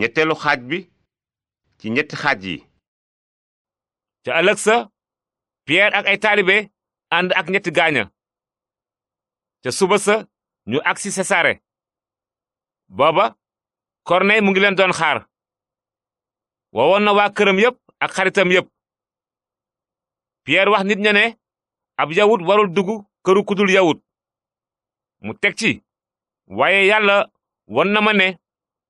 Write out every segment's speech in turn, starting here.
ñetteelu xaaj bi ci ñetti xaaj yi ca ëllëg sa Pierre ak ay taalibe ànd ak ñetti gaaña ca suba sa ñu si Sesaare booba Corneille mu ngi leen doon xaar won na waa këram yépp ak xaritam yépp Pierre wax nit ña ne ab yawut warul dugg këru kudul yawut mu teg ci waaye yàlla won na ma ne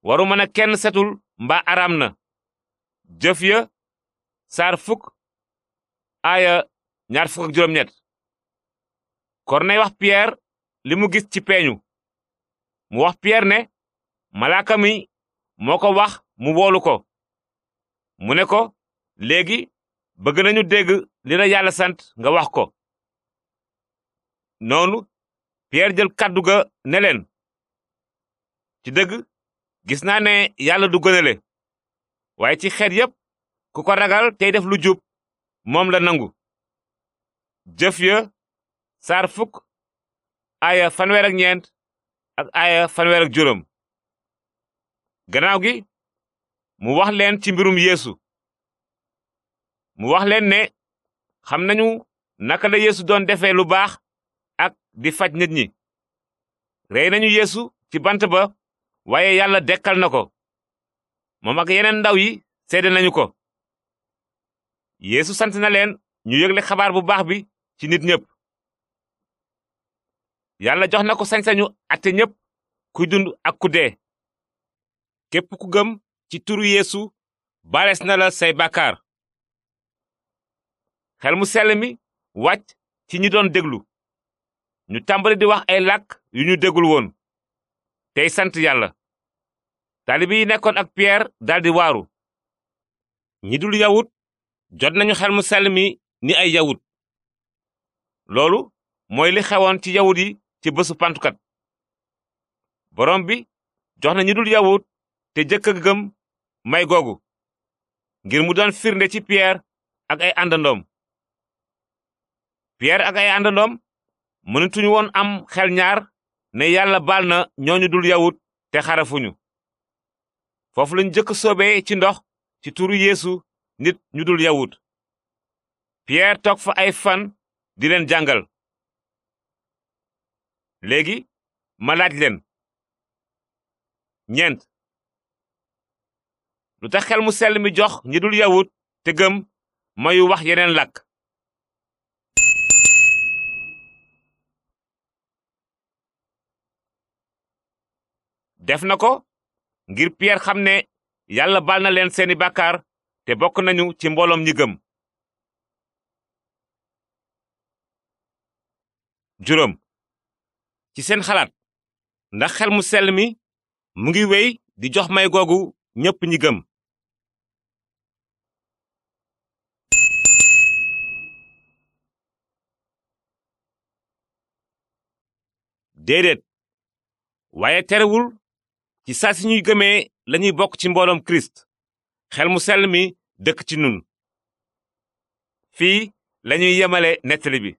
waru mën a kenn setul mba araam na jëf ya saar fukk aaya ñaar fukk ak juróom-ñett korney wax pierre li mu gis ci peeñu mu wax pierre ne malaakami moo ko wax mu woolu ko mu ne ko léegi bëgg nañu dégg li la yàlla sant nga wax ko noonu pierre jël kàddu ga neleen ci dëgg gis naa ne yàlla du gënale waaye ci xeet yépp ku ko ragal tey def lu jub moom la nangu jëf ya saar fukk aaya fanweer ak ñeent ak aaya fanweer juróom gannaaw gi mu wax leen ci mbirum yéesu mu wax leen ne xam nañu naka la yéesu doon defee lu baax ak di faj nit ñi rey nañu yeesu ci bant ba waaye yàlla dekkal na ko moom ak yeneen ndaw yi seede nañu ko yéesu sant na leen ñu yëgle xabaar bu baax bi ci nit ñëpp yàlla jox na ko sañ-sañu atte ñëpp kuy dund ak ku dee képp ku gëm ci turu yéesu baalees na la say bàkkaar xel mu sell mi wàcc ci ñu doon déglu ñu tàmbali di wax ay làkk yu ñu déggul woon tey sant yàlla taalibe yi nekkoon ak Pierre daldi waaru ñi dul yawut jot nañu xel mu sell mi ni ay yawut loolu mooy li xewoon ci yawut yi ci bësu pantukat borom bi jox na ñi dul yawut te jëkk a gëm may googu ngir mu doon firnde ci Pierre ak ay àndandoom Pierre ak ay àndandoom mënatuñu woon am xel ñaar ne yàlla baal na ñooñu dul yawut te xarafuñu foofu lañ jëkk soobee ci ndox ci turu yéesu nit ñu dul yawut pierre toog fa ay fan di leen jàngal léegi ma laaj leen ñeent lu tax xel mu sell mi jox ñi dul yawut te gëm mayu wax yeneen làkk def na ko ngir Pierre xam ne yàlla baal na leen seeni bàkkaar te bokk nañu ci mbooloom ñi gëm. juróom ci seen xalaat ndax xel mu sell mi mu ngi wéy di jox may googu ñépp ñi gëm. ci saa si ñuy gëmee lañuy bokk ci mbooloom Christ xel mu sell mi dëkk ci nun fii lañuy yemale nettali bi